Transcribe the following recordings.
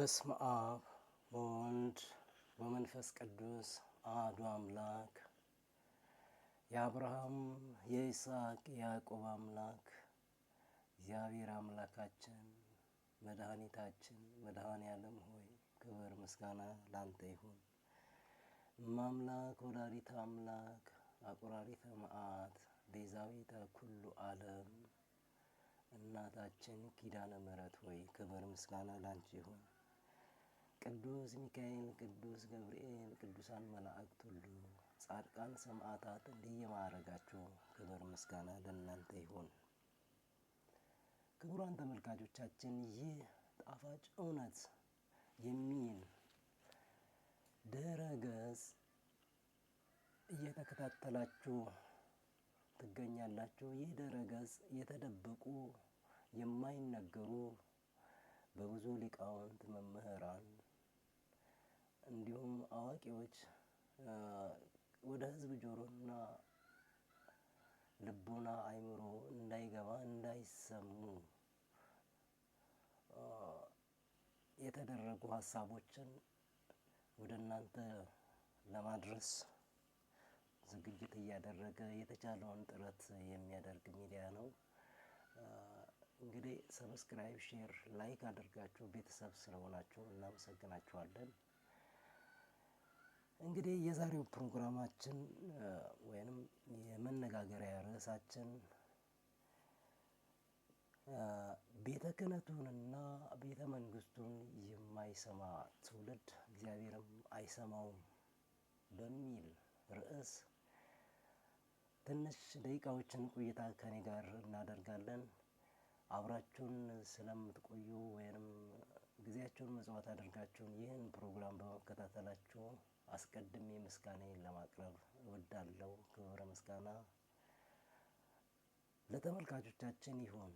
በስመ አብ በወልድ በመንፈስ ቅዱስ አሐዱ አምላክ የአብርሃም የይስሐቅ የያዕቆብ አምላክ እግዚአብሔር አምላካችን መድኃኒታችን መድኃኔ ዓለም ሆይ ክብር ምስጋና ላንተ ይሁን። እማምላክ ወላዲተ አምላክ አቁራሪተ መዓት ቤዛዊተ ኩሉ ዓለም እናታችን ኪዳነ ምሕረት ሆይ ክብር ምስጋና ላንቺ ይሁን። ቅዱስ ሚካኤል፣ ቅዱስ ገብርኤል፣ ቅዱሳን መላእክት ሁሉ ጻድቃን፣ ሰማዕታት ማዕረጋቸው ክብር ምስጋና ለእናንተ ይሁን። ክቡራን ተመልካቾቻችን ይህ ጣፋጭ እውነት የሚል ድረ ገጽ እየተከታተላችሁ ትገኛላችሁ። ይህ ድረ ገጽ የተደበቁ የማይነገሩ በብዙ ሊቃውንት መምህራን እንዲሁም አዋቂዎች ወደ ህዝብ ጆሮና ልቦና አይምሮ እንዳይገባ እንዳይሰሙ የተደረጉ ሀሳቦችን ወደ እናንተ ለማድረስ ዝግጅት እያደረገ የተቻለውን ጥረት የሚያደርግ ሚዲያ ነው። እንግዲህ ሰብስክራይብ፣ ሼር፣ ላይክ አድርጋችሁ ቤተሰብ ስለሆናችሁ እናመሰግናችኋለን። እንግዲህ የዛሬው ፕሮግራማችን ወይንም የመነጋገሪያ ርዕሳችን ቤተ ክህነቱንና ቤተ መንግስቱን የማይሰማ ትውልድ እግዚአብሔርም አይሰማውም በሚል ርዕስ ትንሽ ደቂቃዎችን ቆይታ ከኔ ጋር እናደርጋለን። አብራችሁን ስለምትቆዩ ወይንም ጊዜያቸውን መጽዋት አድርጋችሁን ይህን ፕሮግራም በመከታተላችሁ አስቀድሜ ምስጋናዬን ለማቅረብ እወዳለሁ። ክብረ ምስጋና ለተመልካቾቻችን ይሁን።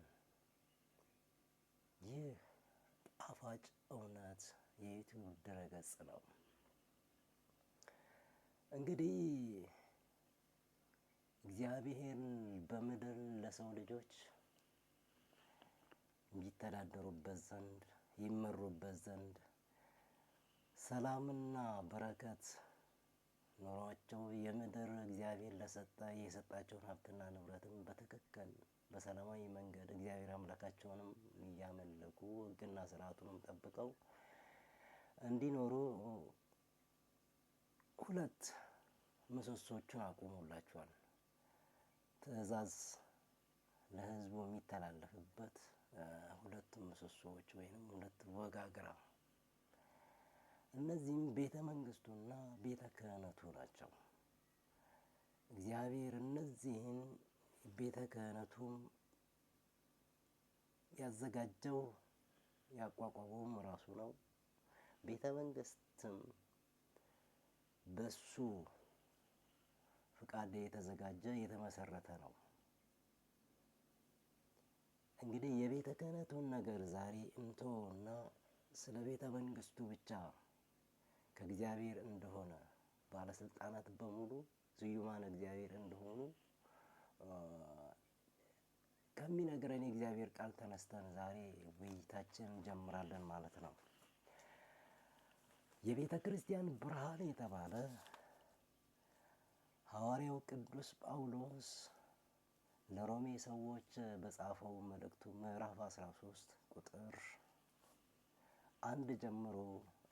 ይህ ጣፋጭ እውነት የዩቲዩብ ድረገጽ ነው። እንግዲህ እግዚአብሔር በምድር ለሰው ልጆች የሚተዳደሩበት ዘንድ ይመሩበት ዘንድ ሰላምና በረከት ኖሯቸው የምድር እግዚአብሔር ለሰጠ የሰጣቸውን ሀብትና ንብረትም በትክክል በሰላማዊ መንገድ እግዚአብሔር አምላካቸውንም እያመለኩ ሕግና ስርዓቱንም ጠብቀው እንዲኖሩ ሁለት ምሰሶቹን አቁሞላቸዋል። ትዕዛዝ ለሕዝቡ የሚተላለፍበት ሁለት ምሰሶዎች ወይም ሁለት ወጋግራ። እነዚህም ቤተ መንግስቱና ቤተ ክህነቱ ናቸው። እግዚአብሔር እነዚህን ቤተ ክህነቱም ያዘጋጀው ያቋቋመውም ራሱ ነው። ቤተ መንግስትም በሱ ፍቃድ የተዘጋጀ የተመሰረተ ነው። እንግዲህ የቤተ ክህነቱን ነገር ዛሬ እንተውና ስለ ቤተ መንግስቱ ብቻ ከእግዚአብሔር እንደሆነ ባለስልጣናት በሙሉ ዝዩማን እግዚአብሔር እንደሆኑ ከሚነግረን የእግዚአብሔር ቃል ተነስተን ዛሬ ውይይታችን ጀምራለን ማለት ነው። የቤተ ክርስቲያን ብርሃን የተባለ ሐዋርያው ቅዱስ ጳውሎስ ለሮሜ ሰዎች በጻፈው መልእክቱ ምዕራፍ 13 ቁጥር አንድ ጀምሮ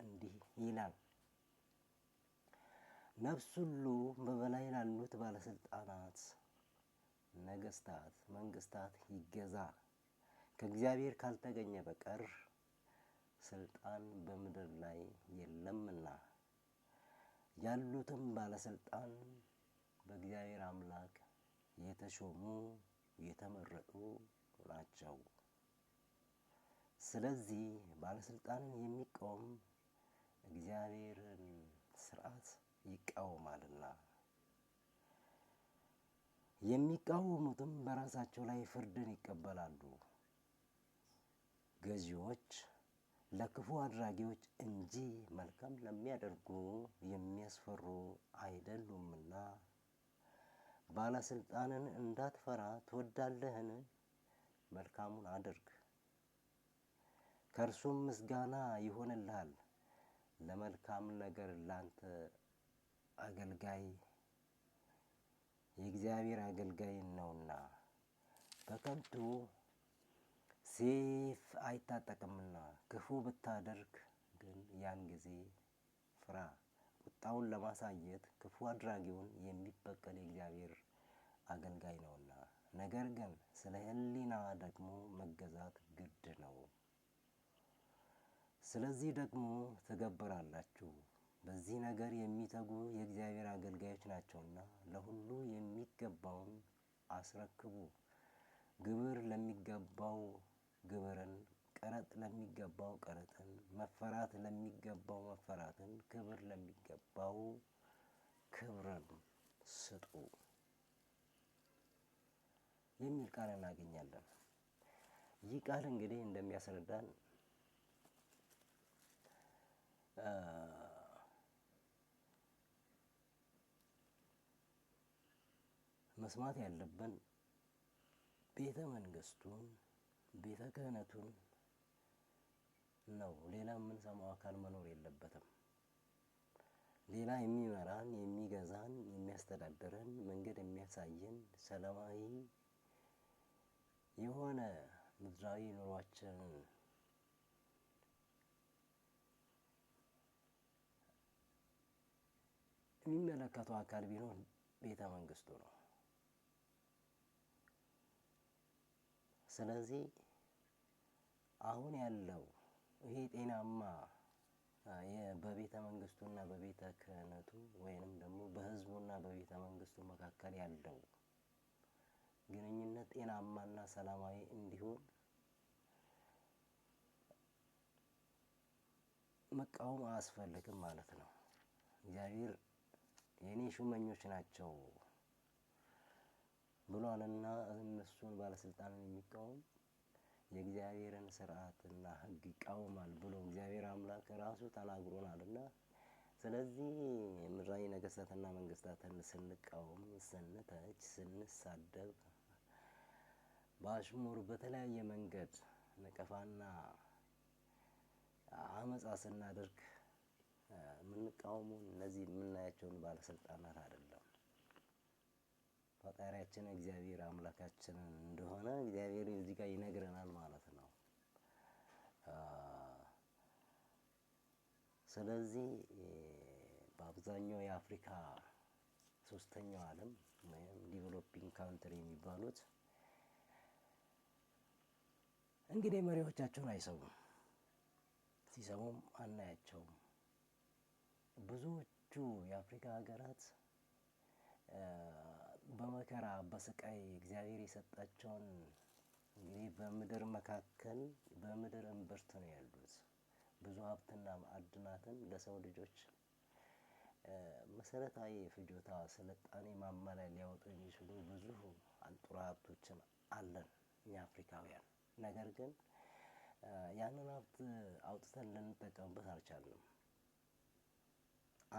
እንዲህ ይላል። ነፍስ ሁሉ በበላይ ላሉት ባለስልጣናት ነገስታት መንግስታት ይገዛ ከእግዚአብሔር ካልተገኘ በቀር ስልጣን በምድር ላይ የለምና ያሉትም ባለስልጣን በእግዚአብሔር አምላክ የተሾሙ የተመረጡ ናቸው። ስለዚህ ባለስልጣንን የሚቃወም እግዚአብሔርን ስርዓት ይቃወማልና የሚቃወሙትም በራሳቸው ላይ ፍርድን ይቀበላሉ። ገዢዎች ለክፉ አድራጊዎች እንጂ መልካም ለሚያደርጉ የሚያስፈሩ አይደሉምና ባለስልጣንን እንዳትፈራ ትወዳለህን? መልካሙን አድርግ ከእርሱም ምስጋና ይሆንልሃል። ለመልካም ነገር ላንተ አገልጋይ የእግዚአብሔር አገልጋይ ነውና በከንቱ ሴፍ አይታጠቅምና ክፉ ብታደርግ ግን ያን ጊዜ ፍራ። ቁጣውን ለማሳየት ክፉ አድራጊውን የሚበቀል የእግዚአብሔር አገልጋይ ነውና፣ ነገር ግን ስለ ሕሊና ደግሞ መገዛት ግድ ነው። ስለዚህ ደግሞ ትገብራላችሁ። በዚህ ነገር የሚተጉ የእግዚአብሔር አገልጋዮች ናቸውና ለሁሉ የሚገባውን አስረክቡ። ግብር ለሚገባው ግብርን ቀረጥ ለሚገባው ቀረጥን፣ መፈራት ለሚገባው መፈራትን፣ ክብር ለሚገባው ክብርን ስጡ የሚል ቃል እናገኛለን። ይህ ቃል እንግዲህ እንደሚያስረዳን መስማት ያለብን ቤተ መንግስቱን ቤተ ክህነቱን ነው። ሌላ የምንሰማው አካል መኖር የለበትም። ሌላ የሚመራን የሚገዛን፣ የሚያስተዳድረን፣ መንገድ የሚያሳየን ሰላማዊ የሆነ ምድራዊ ኑሯችንን የሚመለከተው አካል ቢኖር ቤተ መንግስቱ ነው። ስለዚህ አሁን ያለው ይሄ ጤናማ በቤተ መንግስቱና በቤተ ክህነቱ ወይንም ደግሞ በህዝቡና በቤተ መንግስቱ መካከል ያለው ግንኙነት ጤናማና ሰላማዊ እንዲሆን መቃወም አያስፈልግም ማለት ነው። እግዚአብሔር የእኔ ሹመኞች ናቸው ብሏልና እነሱን ባለስልጣንን የሚቃወም የእግዚአብሔርን ስርዓትና ሕግ ይቃወማል ብሎ እግዚአብሔር አምላክ ራሱ እና ስለዚህ ምድራዊ ነገስታትና መንግስታትን ስንቃወም፣ ስንተች፣ ስንሳደብ በአሽሙር በተለያየ መንገድ ነቀፋና አመፃ ስናደርግ የምንቃወሙ እነዚህ የምናያቸውን ባለስልጣናት አይደለም። ፈጣሪያችን እግዚአብሔር አምላካችን እንደሆነ እግዚአብሔር እዚህ ጋር ይነግረናል ማለት ነው። ስለዚህ በአብዛኛው የአፍሪካ ሶስተኛው ዓለም ወይም ዲቨሎፒንግ ካንትሪ የሚባሉት እንግዲህ መሪዎቻቸውን አይሰሙም፣ ሲሰሙም አናያቸውም። ብዙዎቹ የአፍሪካ ሀገራት በመከራ በስቃይ እግዚአብሔር የሰጣቸውን እንግዲህ በምድር መካከል በምድር እምብርት ነው ያሉት። ብዙ ሀብትና ማዕድናትን ለሰው ልጆች መሰረታዊ ፍጆታ ስልጣኔ ማማ ሊያወጡ የሚችሉ ብዙ አንጡራ ሀብቶችን አለን እኛ አፍሪካውያን። ነገር ግን ያንን ሀብት አውጥተን ልንጠቀምበት አልቻልንም።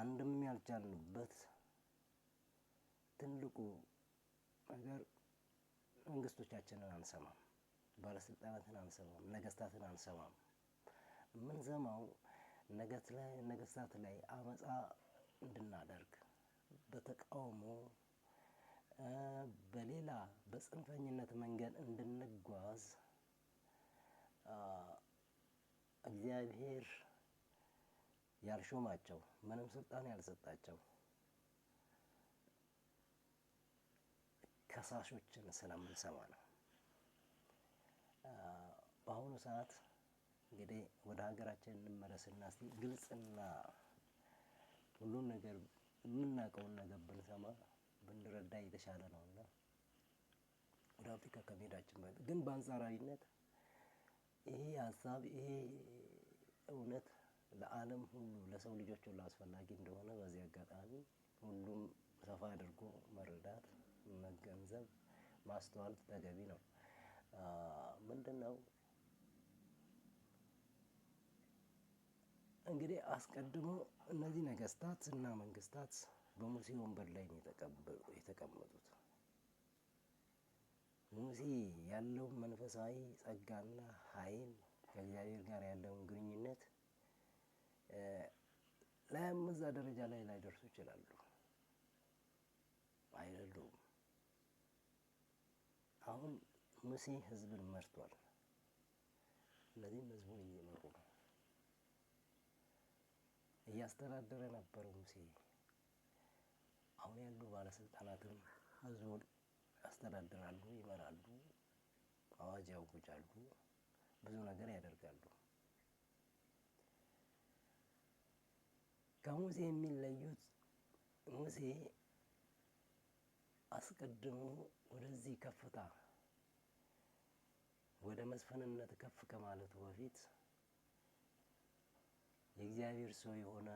አንድም ያልቻልንበት ትልቁ ነገር መንግስቶቻችንን አንሰማም፣ ባለስልጣናትን አንሰማም፣ ነገስታትን አንሰማም። የምንሰማው ነገስታት ላይ አመፃ እንድናደርግ በተቃውሞ በሌላ በጽንፈኝነት መንገድ እንድንጓዝ እግዚአብሔር ያልሾማቸው ምንም ስልጣን ያልሰጣቸው ከሳሾችን ስለምንሰማ ነው። በአሁኑ ሰዓት እንግዲህ ወደ ሀገራችን እንመለስና እስቲ ግልጽና ሁሉን ነገር የምናውቀውን ነገር ብንሰማ ብንረዳ የተሻለ ነው እና ወደ አፍሪካ ከመሄዳችን በፊት ግን በአንጻራዊነት ይሄ ሀሳብ ይሄ እውነት ለዓለም ሁሉ ለሰው ልጆች ሁሉ አስፈላጊ እንደሆነ በዚህ አጋጣሚ ሁሉም ሰፋ አድርጎ መረዳት መገንዘብ ማስተዋል ተገቢ ነው። ምንድን ነው እንግዲህ አስቀድሞ እነዚህ ነገስታት እና መንግስታት በሙሴ ወንበር ላይ ነው የተቀመጡት። ሙሴ ያለውን መንፈሳዊ ጸጋና ኃይል ከእግዚአብሔር ጋር ያለውን ግንኙነት ላያም እዛ ደረጃ ላይ ላይደርሱ ይችላሉ አይደሉም። አሁን ሙሴ ህዝብን መርቷል። እነዚህም ህዝቡን እየመሩ ነው። እያስተዳደረ ነበረው ሙሴ። አሁን ያሉ ባለስልጣናትም ህዝቡን ያስተዳድራሉ፣ ይመራሉ፣ አዋጅ ያውጃሉ፣ ብዙ ነገር ያደርጋሉ። ከሙሴ የሚለዩት ሙሴ አስቀድሞ ወደዚህ ከፍታ ወደ መስፈንነት ከፍ ከማለቱ በፊት የእግዚአብሔር ሰው የሆነ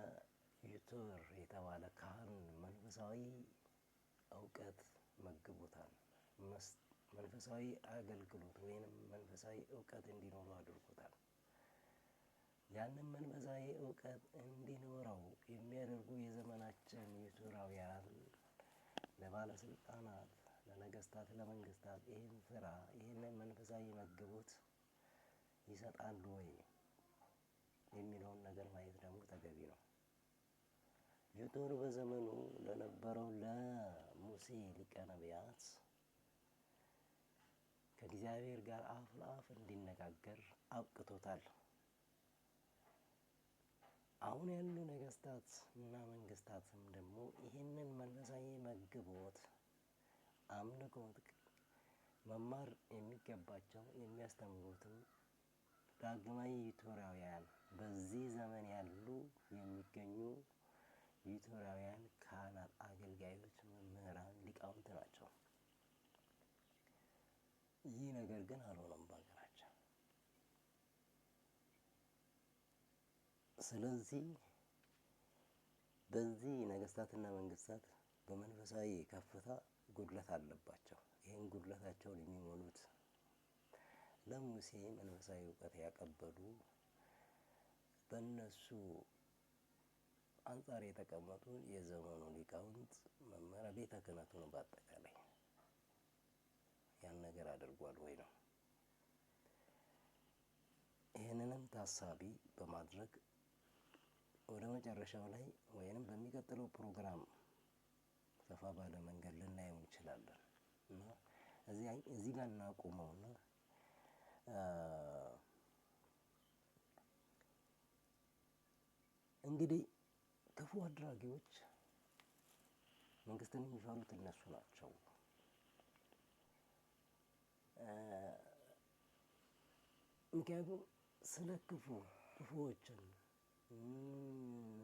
ዩቱር የተባለ ካህን መንፈሳዊ እውቀት መግቦታል። መንፈሳዊ አገልግሎት ወይንም መንፈሳዊ እውቀት እንዲኖሩ አድርጎታል። ያንን መንፈሳዊ እውቀት እንዲኖረው የሚያደርጉ የዘመናችን ዩቱራውያን ለባለስልጣናት፣ ለነገስታት፣ ለመንግስታት ይህን ስራ ይህንን መንፈሳዊ መግቦት ይሰጣሉ ወይ የሚለውን ነገር ማየት ደግሞ ተገቢ ነው። የጦር በዘመኑ ለነበረው ለሙሴ ሊቀ ነቢያት ከእግዚአብሔር ጋር አፍ ለአፍ እንዲነጋገር አብቅቶታል። አሁን ያሉ ነገስታት እና መንግስታትም ደግሞ ይህንን መንፈሳዊ መግቦት አምልኮት መማር የሚገባቸው የሚያስተምሩትም ዳግማዊ ዩቱራውያን በዚህ ዘመን ያሉ የሚገኙ ዩቱራውያን ካህናት፣ አገልጋዮች፣ መምህራን፣ ሊቃውንት ናቸው። ይህ ነገር ግን አልሆነም። ስለዚህ በዚህ ነገስታትና መንግስታት በመንፈሳዊ ከፍታ ጉድለት አለባቸው። ይህን ጉድለታቸውን የሚሞሉት ለሙሴ መንፈሳዊ እውቀት ያቀበሉ በእነሱ አንጻር የተቀመጡ የዘመኑ ሊቃውንት መመሪያ ቤተ ነው። በአጠቃላይ ያን ነገር አድርጓል ወይ ነው። ይህንንም ታሳቢ በማድረግ ወደ መጨረሻው ላይ ወይንም በሚቀጥለው ፕሮግራም ሰፋ ባለ መንገድ ልናየው እንችላለን እና እዚህ ጋር እናቆመውና እንግዲህ ክፉ አድራጊዎች መንግስትን የሚፈሩት እነሱ ናቸው። ምክንያቱም ስለ ክፉ ክፉዎችን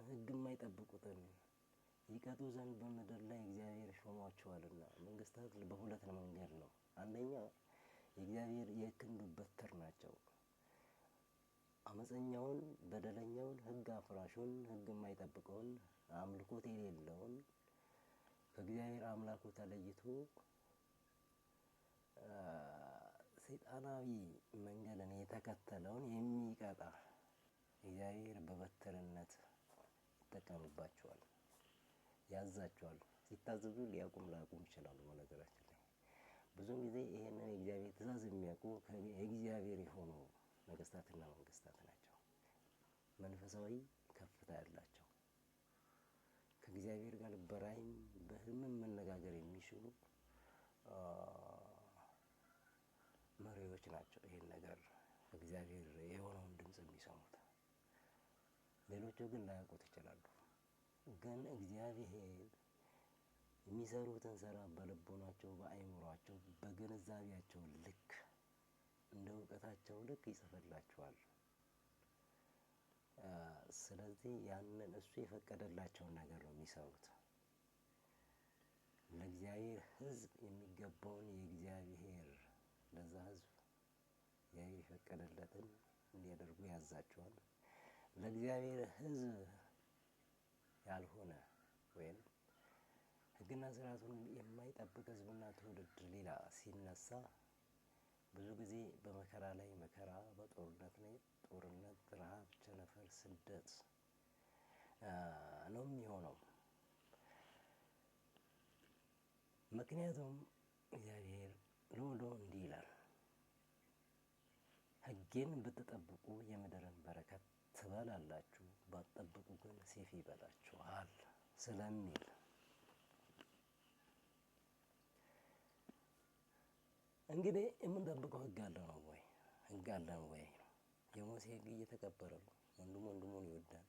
ህግ የማይጠብቁትን ይቀጡ ዘንድ በምድር ላይ እግዚአብሔር ሾሟቸዋልና። መንግስታት በሁለት መንገድ ነው። አንደኛ የእግዚአብሔር የክንዱ በትር ናቸው። አመፀኛውን፣ በደለኛውን፣ ህግ አፍራሹን፣ ህግ የማይጠብቀውን፣ አምልኮት የሌለውን ከእግዚአብሔር አምላኩ ተለይቶ ሰይጣናዊ መንገድን የተከተለውን የሚቀጣ እግዚአብሔር በበትርነት ይጠቀምባቸዋል፣ ያዛቸዋል። ሲታዘዙ ሊያቁም ላያቁም ይችላሉ። በነገራችን ላይ ብዙ ጊዜ ይህንን የእግዚአብሔር ትእዛዝ የሚያውቁ የእግዚአብሔር የሆኑ ነገስታትና መንግስታት ናቸው። መንፈሳዊ ከፍታ ያላቸው ከእግዚአብሔር ጋር በራይም በህልምም መነጋገር የሚችሉ መሪዎች ናቸው። ይህን ነገር እግዚአብሔር የሆነ ብዙዎቹ ግን ላያውቁት ይችላሉ። ግን እግዚአብሔር የሚሰሩትን ስራ በልቦናቸው፣ በአይምሯቸው፣ በግንዛቤያቸው ልክ እንደ እውቀታቸው ልክ ይጽፍላቸዋል። ስለዚህ ያንን እሱ የፈቀደላቸውን ነገር ነው የሚሰሩት። ለእግዚአብሔር ሕዝብ የሚገባውን የእግዚአብሔር ለዛ ሕዝብ እግዚአብሔር የፈቀደለትን እንዲያደርጉ ያዛቸዋል። ለእግዚአብሔር ሕዝብ ያልሆነ ወይም ሕግና ስርዓቱን የማይጠብቅ ሕዝብና ትውልድ ሌላ ሲነሳ ብዙ ጊዜ በመከራ ላይ መከራ፣ በጦርነት ላይ ጦርነት፣ ረሃብ፣ ቸነፈር፣ ስደት ነው የሚሆነው። ምክንያቱም እግዚአብሔር ሎሎ እንዲህ ይላል፣ ሕጌን ብትጠብቁ የምድርን በረከት ትበላላችሁ፣ ባትጠብቁ ግን ሰይፍ ይበላችኋል ስለሚል እንግዲህ የምንጠብቀው ህግ አለ ነው ወይ? ህግ አለ ነው ወይ? የሙሴ ህግ እየተከበረ ነው። ወንድሙ ወንድሙን ይወዳል።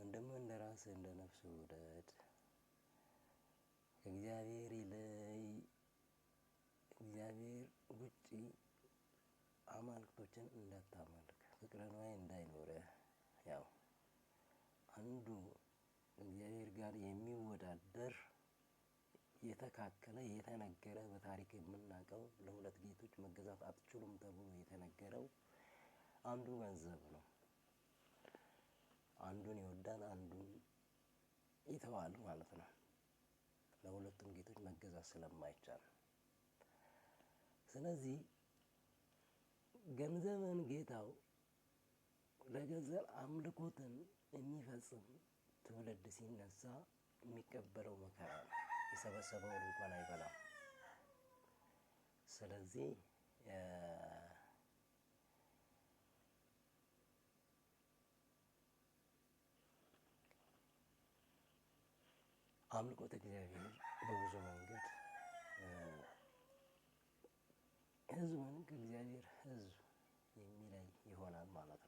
ወንድሙ እንደ ራስ እንደ ነፍስ ውደድ። እግዚአብሔር ይለይ፣ እግዚአብሔር ውጪ አማልክቶችን እንዳታመልክ ፍቅረ ንዋይ እንዳይኖርህ ያው አንዱ እግዚአብሔር ጋር የሚወዳደር የተካከለ የተነገረ በታሪክ የምናውቀው ለሁለት ጌቶች መገዛት አትችሉም ተብሎ የተነገረው አንዱ ገንዘብ ነው። አንዱን ይወዳል፣ አንዱን ይተዋል ማለት ነው። ለሁለቱም ጌቶች መገዛት ስለማይቻል ስለዚህ ገንዘብን ጌታው ለገንዘብ አምልኮትን የሚፈጽም ትውልድ ሲነሳ የሚቀበለው መከራ ነው። የሰበሰበውን እንኳን አይበላም። ስለዚህ አምልኮት እግዚአብሔር በብዙ መንገድ ህዝቡን ከእግዚአብሔር ህዝብ የሚለይ ይሆናል ማለት ነው።